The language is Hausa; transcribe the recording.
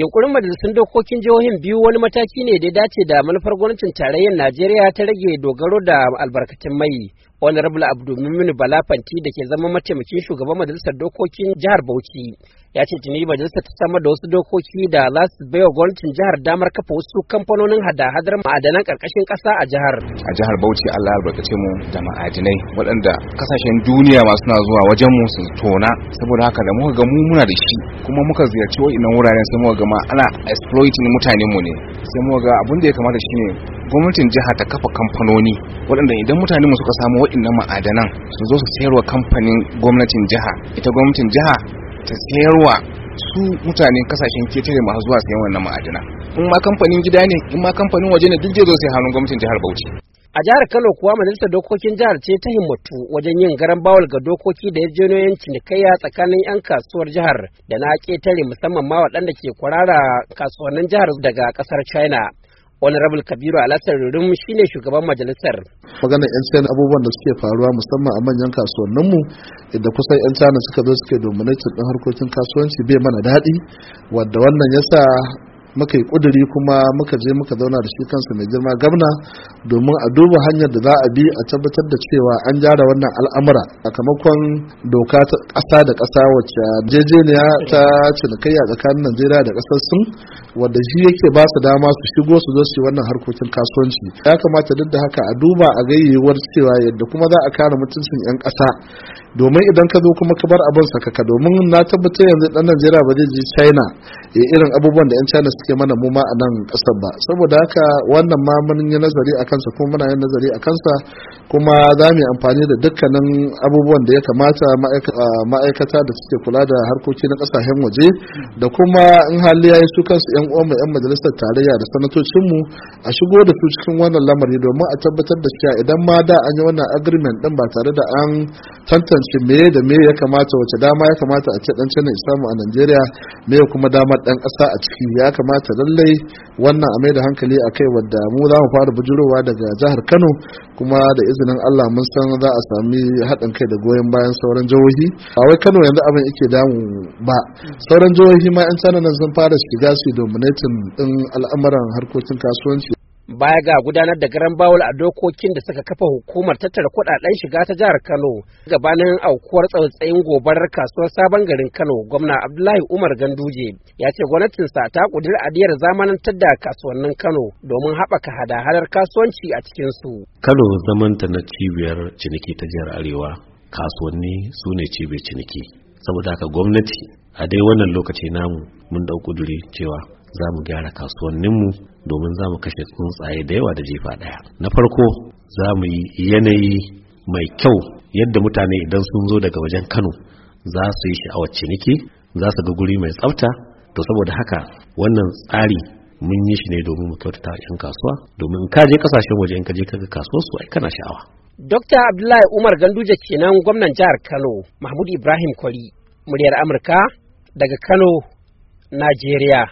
Yunkurin majalisun dokokin jihohin biyu wani mataki ne da dace da manufar gwamnatin tarayyar Najeriya ta rage dogaro da albarkatun mai, honorable abdulmumin balafanti da ke zama mataimakin shugaban majalisar dokokin jihar bauchi ya ce tuni majalisar ta samar da wasu dokoki da za su wa gwamnatin jihar damar kafa wasu kamfanonin hada-hadar ma'adanan karkashin kasa a jihar a jihar bauchi allah albarkace mu da ma'adinai waɗanda kasashen duniya ma suna zuwa wajen mu su tona saboda haka da muka ga mu muna da shi kuma muka ziyarci wa'innan wuraren sai muka ga ma ana exploiting mutanen mu ne sai muka ga abin da ya kamata shine gwamnatin jiha ta kafa kamfanoni waɗanda idan mutane suka samu waɗannan ma'adanan su zo su sayarwa kamfanin gwamnatin jiha ita gwamnatin jiha ta sayarwa su mutanen kasashen ketare masu zuwa sayan wannan ma'adana in ma kamfanin gida ne in ma kamfanin waje ne duk zai zo sai hannun gwamnatin jihar Bauchi a jihar Kano kuwa majalisar dokokin jihar ce ta himmatu wajen yin garan bawal ga dokoki da yarjejeniyoyin cinikayya tsakanin 'yan kasuwar jihar da na ketare musamman ma waɗanda ke kwarara kasuwannin jihar daga ƙasar China honorable kabiru alasan shi ne shugaban majalisar maganar yan china abubuwan da suke faruwa musamman a manyan kasuwanninmu inda kusan yan china suka zo suke domin ɗin harkokin kasuwanci bai mana daɗi wadda wannan yasa muka yi kuduri kuma muka je muka zauna da shi kansa mai girma gamna domin a duba hanyar da za a bi a tabbatar da cewa an gyara wannan al'amura sakamakon doka ta ƙasa da ƙasa wacce jejeniya ta cinikayya tsakanin najeriya da ƙasar sun wadda shi yake ba su dama su shigo su zo su yi wannan harkokin kasuwanci ya kamata duk da haka a duba a gayyewar cewa yadda kuma za a kare mutuncin 'yan ƙasa domin idan ka zo kuma ka bar abin sakaka domin na tabbatar yanzu dan najeriya ba zai je china ya irin abubuwan da 'yan china suke ake mana mu ma a nan ƙasar ba saboda haka wannan ma mun yi nazari a kansa kuma muna yin nazari a kansa kuma za mu yi amfani da dukkanin abubuwan da ya kamata ma'aikata da suke kula da harkoki na ƙasashen waje da kuma in hali ya su kansu 'yan uwan 'yan majalisar tarayya da sanatocinmu a shigo da su cikin wannan lamari domin a tabbatar da cewa idan ma da an yi wannan agreement din ba tare da an tantance me da me ya kamata wace dama ya kamata a ce dan canin islamu a najeriya me kuma damar dan kasa a ciki ya kamata kamata lallai wannan a mai da hankali a kai wadda mu za mu fara bujurowa daga jihar kano kuma da izinin allah mun san za a sami haɗin kai da goyon bayan sauran jihohi a wai kano yanzu abin yake damu ba sauran jihohi ma 'yan sananan sun fara shiga su dominatin ɗin al'amuran harkokin kasuwanci baya ga gudanar da garan bawul a dokokin da suka kafa hukumar tattara kudaden shiga ta jihar Kano gabanin aukuwar tsautsayin gobarar kasuwar sabon garin Kano gwamna Abdullahi Umar Ganduje ya ce gwamnatinsa ta kudura adiyar zamanantar da kasuwannin Kano domin haɓaka hada-hadar kasuwanci a cikin su Kano zamanta na cibiyar ciniki ta jihar Arewa kasuwanni su ne cibiyar ciniki saboda haka gwamnati a dai wannan lokaci namu mun ɗau kuduri cewa za mu gyara kasuwanninmu domin za mu kashe tsuntsaye da yawa da jefa ɗaya na farko za mu yi yanayi mai kyau yadda mutane idan sun zo daga wajen kano za su yi sha'awar ciniki za su ga guri mai tsafta to saboda haka wannan tsari mun yi shi ne domin mu kyautata yan kasuwa domin ka je kasashen waje in ka je kaga kasuwar su ai kana sha'awa Dr. Abdullahi Umar Ganduje kenan gwamnan jihar Kano Mahmud Ibrahim Kwari muryar Amurka daga Kano Najeriya